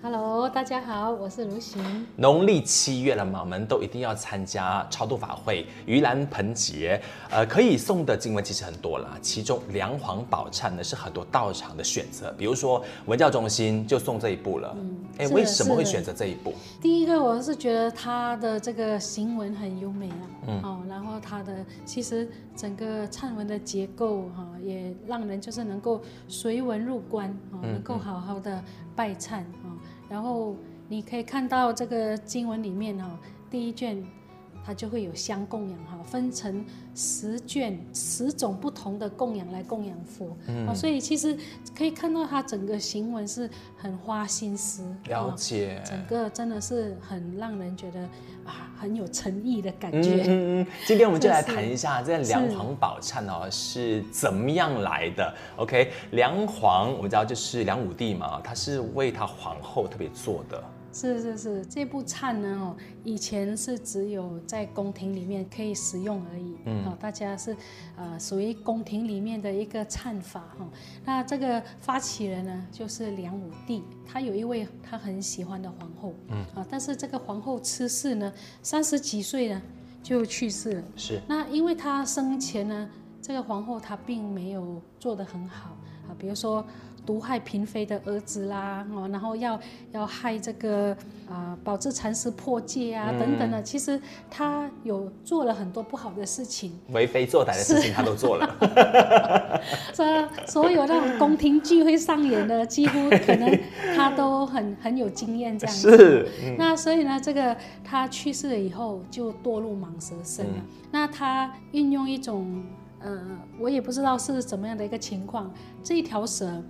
Hello，大家好，我是如行。農曆七月了嘛，我們都一定要參加超度法會、盂蘭盆節。呃，可以送的經文其實很多啦，其中梁黃《梁皇寶懺》呢是很多道場的選擇，比如說文教中心就送這一部了。嗯，哎、欸，為什麼會選擇這一部？第一個，我是覺得它的這個行文很優美啊。嗯。哦，然後它的其實整個懺文的結構哈、哦，也讓人就是能夠隨文入觀啊、哦，能夠好好的拜懺。嗯嗯然後你可以看到這個經文裡面、啊，哈，第一卷，它就會有香供養哈，分成十卷，十種不同的供養來供養佛。嗯啊，所以其實可以看到它整個行文是很花心思，了解，啊，整個真的是很讓人覺得啊很有誠意的感覺。嗯嗯，嗯，今天我們就來談一下這梁皇寶懺哦是怎麼樣來的？OK，梁皇我們知道就是梁武帝嘛，他是為他皇后特別做的。是是是，這部懺呢，以前是只有在宮廷裡面可以使用而已。嗯，大家是，呃，屬於宮廷裡面的一個懺法哈、哦。那這個發起人呢，就是梁武帝，他有一位他很喜歡的皇後。嗯，啊，但是這個皇后去世呢，三十幾歲呢就去世了。是。那因為他生前呢，這個皇後她並沒有做得很好啊，比如說。毒害嬪妃的兒子啦，哦，然後要要害這個啊、呃、寶枝禪師破戒啊、嗯、等等的，其實他有做了很多不好的事情，為非作歹的事情他都做了。這 所，所有那種宮廷劇會上演的，幾乎可能他都很很有經驗這樣子。是、嗯。那所以呢，這個他去世了以後就墮入蟒蛇身了。嗯、那他運用一種呃，我也不知道是怎麼樣的一個情況，這一條蛇。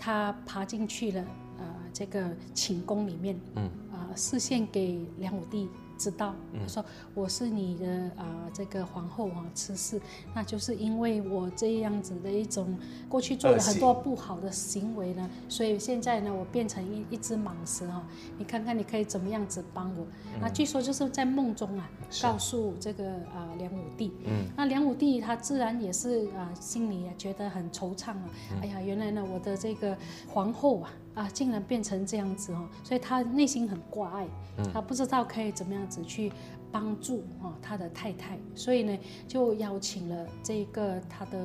他爬進去了，呃，這個寢宮裡面。嗯。示現給梁武帝知道，他、嗯、說我是你的啊、呃，這個皇後啊，郗氏，那就是因為我這樣子的一種過去做了很多不好的行為呢，所以現在呢，我變成一一隻蟒蛇啊，你看看你可以怎麼樣子幫我？嗯、那據說就是在夢中啊，告訴這個啊、呃、梁武帝，嗯，那梁武帝他自然也是啊、呃，心裡也覺得很惆悵啊、嗯，哎呀，原來呢，我的這個皇後啊。啊，竟然變成這樣子，所以他內心很掛礙、嗯，他不知道可以怎麼樣子去幫助哈他的太太，所以呢，就邀請了這個他的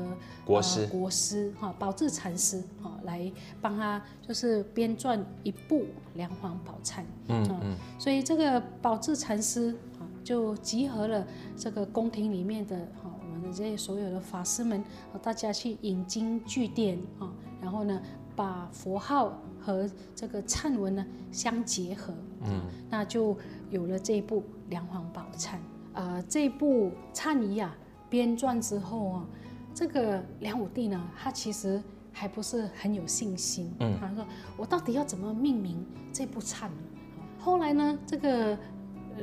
國師、呃、國師哈寶志禪師哈來幫他，就是編撰一部《梁皇寶懺》。嗯，嗯。所以這個寶志禪師啊，就集合了這個宮廷裡面的哈我們的這些所有的法師們，大家去引經據典啊，然後呢。把佛號和這個懺文呢相結合，嗯，那就有了這一部《梁皇寶懺》呃、一啊。這部懺儀啊編撰之後啊，這個梁武帝呢，他其實還不是很有信心，嗯，他說我到底要怎麼命名這部懺呢？後來呢，這個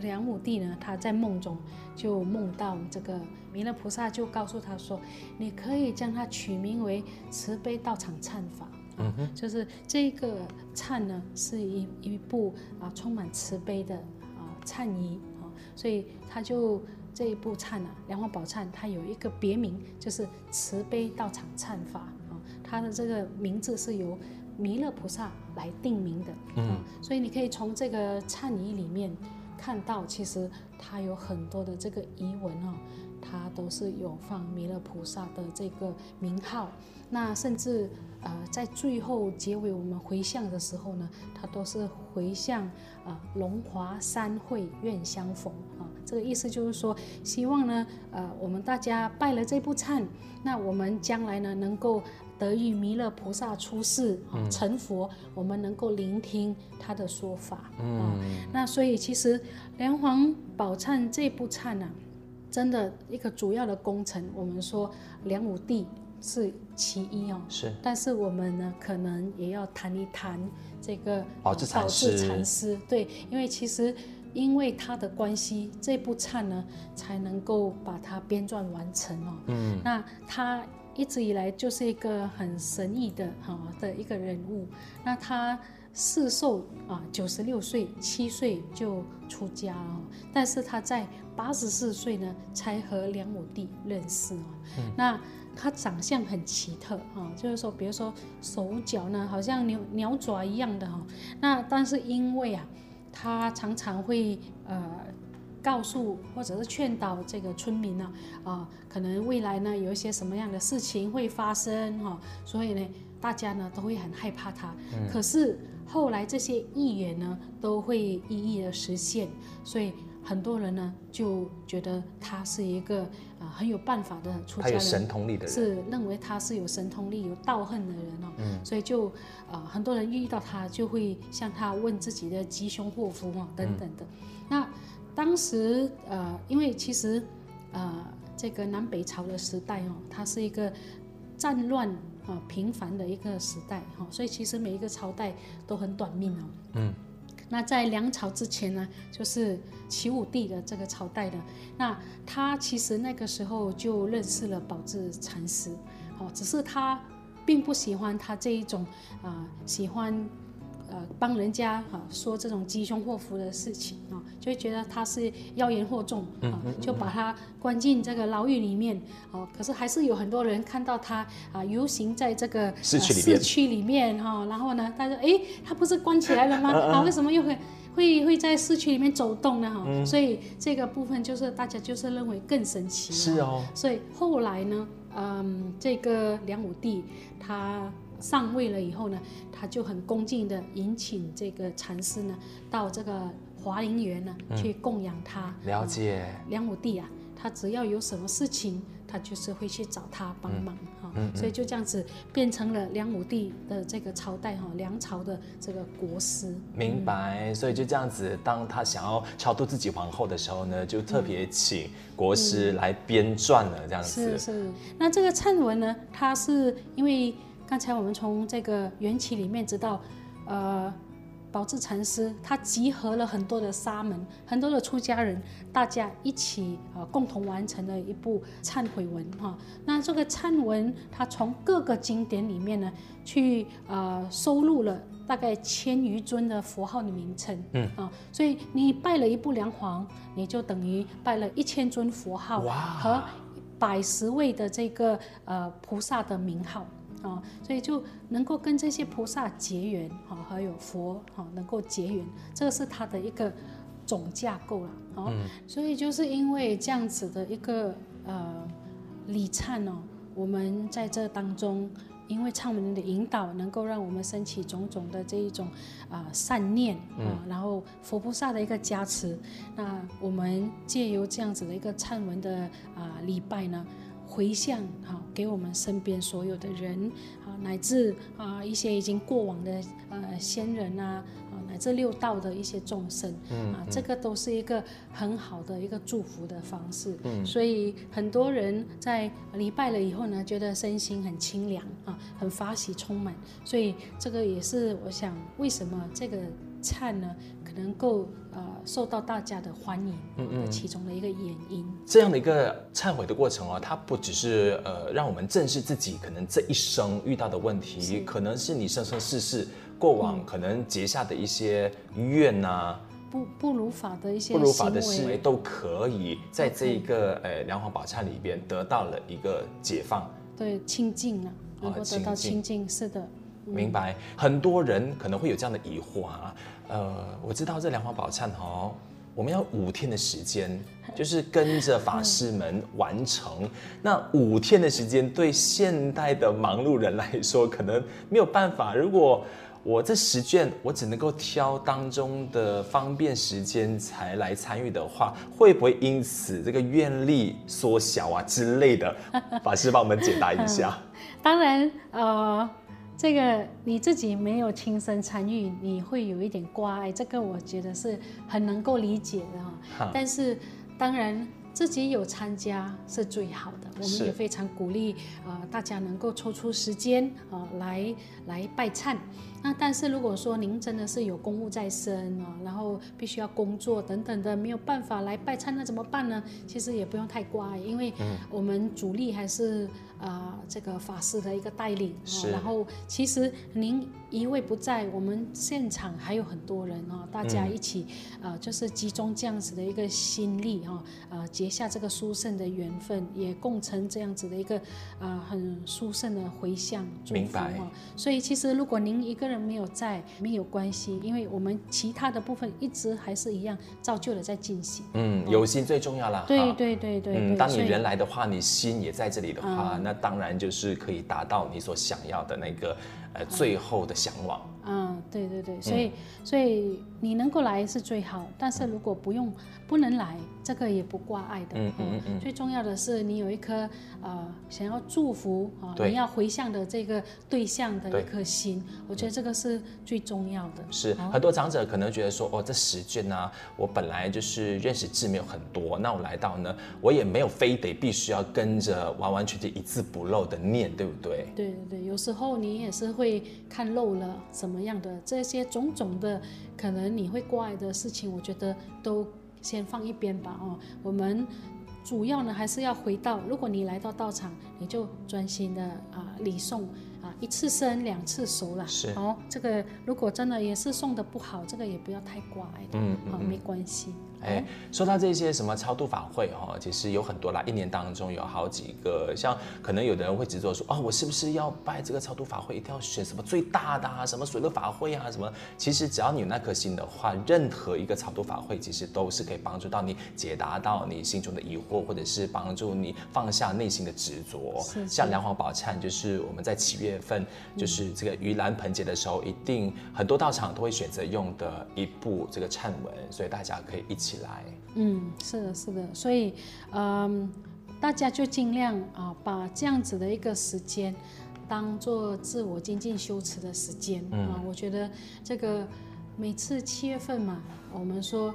梁武帝呢，他在夢中就夢到這個彌勒菩薩，就告訴他說：“你可以將它取名為慈悲道場懺法。”嗯哼，就是這個懺呢，是一一部啊充滿慈悲的啊懺儀啊，所以它就這一部懺呢、啊，梁皇寶懺，它有一個別名，就是慈悲道場懺法啊，它的這個名字是由彌勒菩薩來定名的，嗯、uh -huh. 啊，所以你可以從這個懺儀裡面看到，其實它有很多的這個儀文哦。它都是有放彌勒菩薩的這個名號，那甚至呃在最後結尾我們回向的時候呢，它都是回向啊、呃，龍華三會願相逢啊，這個意思就是說，希望呢呃我們大家拜了這部懺，那我們將來呢能夠得遇彌勒菩薩出世啊成佛、嗯，我們能夠聆聽他的說法、嗯、啊，那所以其實梁皇寶懺這部懺呢、啊。真的一個主要的工程，我們說梁武帝是其一哦，是。但是我們呢，可能也要談一談這個寶枝禪師，對，因為其實因為他的關係，這部懺呢才能夠把它編撰完成哦。嗯，那他一直以來就是一個很神秘的哈、啊、的一個人物。那他世壽啊九十六歲，七歲就出家哦。但是他在。八十四歲呢，才和梁武帝認識啊、嗯。那他長相很奇特啊，就是說，比如說手腳呢，好像鳥鳥爪一樣的哈、啊。那但是因為啊，他常常會呃告訴或者是勸導這個村民呢、啊，啊，可能未來呢有一些什麼樣的事情會發生哈、啊。所以呢，大家呢都會很害怕他。嗯、可是後來這些預言呢，都會一一的實現，所以。很多人呢就覺得他是一個啊、呃、很有辦法的出家人，他有神通力的人，是認為他是有神通力、有道行的人哦，嗯，所以就啊、呃、很多人遇到他就會向他問自己的吉凶禍福哦等等的。嗯、那當時呃因為其實呃這個南北朝的時代哦，它是一個戰亂啊、呃、頻繁的一個時代哈、哦，所以其實每一個朝代都很短命哦，嗯。那在梁朝之前呢，就是齊武帝的這個朝代的。那他其實那個時候就認識了寶志禪師，哦，只是他並不喜歡他這一種，啊、呃，喜歡。呃，幫人家哈說這種吉凶禍福的事情啊，就會覺得他是妖言惑眾啊、嗯嗯嗯，就把他關進這個牢獄裡面。哦，可是還是有很多人看到他啊，遊行在這個市區裡面哈。然後呢，他說：“誒，他不是關起來了嗎？ 啊，為什麼又會會會在市區裡面走動呢？”哈、嗯，所以這個部分就是大家就是認為更神奇了。是哦。所以後來呢，嗯，這個梁武帝他。上位了以後呢，他就很恭敬的迎請這個禪師呢，到這個華林園呢、嗯、去供養他。了解、嗯。梁武帝啊，他只要有什麼事情，他就是會去找他幫忙哈、嗯嗯嗯，所以就這樣子變成了梁武帝的這個朝代哈，梁朝的這個國師。明白。嗯、所以就這樣子，當他想要超度自己皇後的時候呢，就特別請國師來編撰了、嗯、這樣子。嗯、是是。那這個懺文呢，他是因為。剛才我們從這個緣起裡面知道，呃，寶志禪師他集合了很多的沙門、很多的出家人，大家一起啊、呃、共同完成了一部懺悔文哈、哦。那這個懺文，它從各個經典裡面呢去呃收錄了大概千餘尊的佛號的名稱，嗯啊、哦，所以你拜了一部梁皇，你就等於拜了一千尊佛號哇和百十位的這個呃菩薩的名號。哦，所以就能夠跟這些菩薩結緣，哈、哦，還有佛，哈、哦，能夠結緣，這個是它的一個總架構了，哦、嗯。所以就是因為這樣子的一個呃禮懺呢，我們在這當中，因為懺文的引導，能夠讓我們升起種種的這一種啊、呃、善念，啊、呃，然後佛菩薩的一個加持，那我們借由這樣子的一個懺文的啊、呃、禮拜呢。回向哈、啊，給我們身邊所有的人，啊，乃至啊一些已經過往的呃先人啊，啊乃至六道的一些眾生，啊、嗯嗯，這個都是一個很好的一個祝福的方式。嗯、所以很多人在禮拜了以後呢，覺得身心很清涼啊，很法喜充滿。所以這個也是我想，為什麼這個懺呢，能夠呃受到大家的歡迎，嗯嗯，其中的一個原因。這樣的一個懺悔的過程哦，它不只是呃讓我們正視自己，可能這一生遇到的問題，可能是你生生世世過往可能結下的一些怨吶、啊嗯，不不如法的一些不如法的思維都可以在這一個呃梁皇寶懺裡邊得到了一個解放，對清淨啊，能夠得到清淨，啊，是的。明白，很多人可能會有這樣的疑惑啊，呃，我知道這梁皇寶懺哦，我們要五天的時間，就是跟着法師們完成。 那五天的時間對現代的忙碌人來說，可能沒有辦法。如果我這十卷，我只能夠挑當中的方便時間才來參與的話，會不會因此這個願力縮小啊之類的？ 法師幫我們解答一下。 當然，呃。這個你自己沒有親身參與，你會有一點掛礙，這個我覺得是很能夠理解的哈。但是，當然自己有參加是最好的。我們也非常鼓勵啊、呃，大家能夠抽出時間啊、呃、來來拜懺。那但是如果說您真的是有公務在身啊、呃，然後必須要工作等等的，沒有辦法來拜懺，那怎麼辦呢？其實也不用太乖，因為我們主力還是啊、呃、這個法師的一個帶領。是、呃。然後其實您一位不在，我們現場還有很多人哦、呃，大家一起啊、嗯呃、就是集中這樣子的一個心力哈、呃，結下這個殊勝的緣分，也共成。成這樣子的一個，啊、呃，很殊勝的回向，明白。所以其實如果您一個人沒有在，沒有關係，因為我們其他的部分一直還是一樣照舊的在進行。嗯，有心最重要了。哦、對對對對、嗯、對對對。當你人來的話，你心也在這裡的話，嗯、那當然就是可以達到你所想要的那個，呃呃、最後的向往。嗯。嗯對對對，所以、嗯、所以你能夠來是最好，但是如果不用不能來，這個也不掛礙的。嗯，嗯，嗯，最重要的是你有一顆啊、呃、想要祝福啊你要回向的這個對象的一顆心，我覺得這個是最重要的。嗯、是很多長者可能覺得說哦這十卷呢、啊，我本來就是認識字沒有很多，那我來到呢，我也沒有非得必須要跟着完完全全一字不漏的念，對不對？對對對，有時候你也是會看漏了什麼樣的。這些種種的可能你會掛礙的事情，我覺得都先放一邊吧哦。我們主要呢還是要回到，如果你來到道場，你就專心的啊禮誦啊，一次生兩次熟啦。是哦，這個如果真的也是誦的不好，這個也不要太掛礙，嗯，好、嗯哦、沒關係。哎，說到這些什麼超度法會哈、哦，其實有很多啦。一年當中有好幾個，像可能有的人會執着說，啊、哦，我是不是要拜這個超度法會？一定要選什麼最大的啊？什麼水陸法會啊？什麼？其實只要你有那顆心的話，任何一個超度法會，其實都是可以幫助到你解答到你心中的疑惑，或者是幫助你放下內心的執着是是，像梁皇寶懺就是我們在七月份，就是這個盂蘭盆節的時候，一定很多道場都會選擇用的一部這個懺文，所以大家可以一起。起來，嗯，是的，是的，所以，嗯、呃，大家就盡量啊，把這樣子的一個時間，當做自我精進修持的時間、嗯、啊。我覺得這個每次七月份嘛，我們說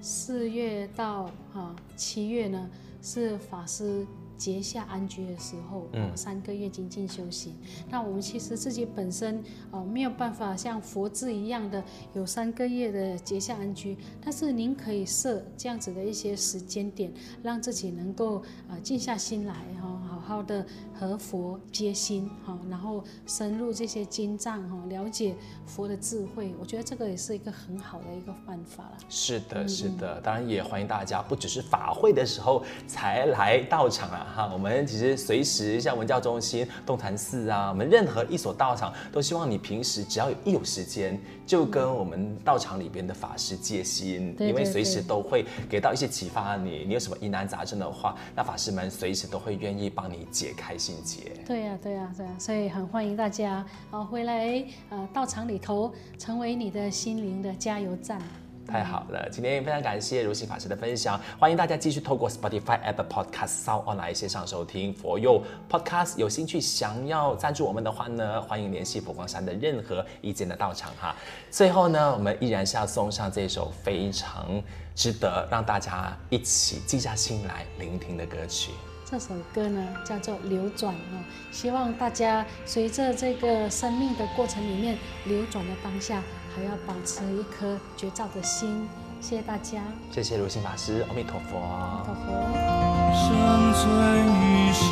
四月到啊，七月呢，是法師。結下安居的時候，三個月精進修行、嗯。那我們其實自己本身呃沒有辦法像佛制一樣的有三個月的結夏安居，但是您可以設這樣子的一些時間點，讓自己能夠呃靜下心來啊。好好的和佛接心哈，然後深入這些經藏哈，了解佛的智慧，我覺得這個也是一個很好的一個辦法啦。是的，是的，當然也歡迎大家，不只是法會的時候才來道場啊哈。我們其實隨時像文教中心、東禪寺啊，我們任何一所道場都希望你平時只要有一有時間，就跟我們道場裡邊的法師接心、嗯，因為隨時都會給到一些啟發你。你有什麼疑難雜症的話，那法師們隨時都會願意幫你。你解開心結。對呀、啊，對呀、啊，對呀、啊，所以很歡迎大家啊、哦、回來到、呃、道場裡頭，成為你的心靈的加油站。太好了，今天非常感謝如行法師的分享，歡迎大家繼續透過 Spotify Apple Podcast Sound On 來線上收聽佛佑 Podcast。有興趣想要贊助我們的話呢，歡迎聯繫佛光山的任何一間的道場哈。最後呢，我們依然是要送上這首非常值得讓大家一起靜下心來聆聽的歌曲。這首歌呢叫做流轉哦，希望大家隨着這個生命的過程裡面流轉的當下，還要保持一顆覺照的心。謝謝大家，謝謝如行法師阿，阿彌陀佛。生存於是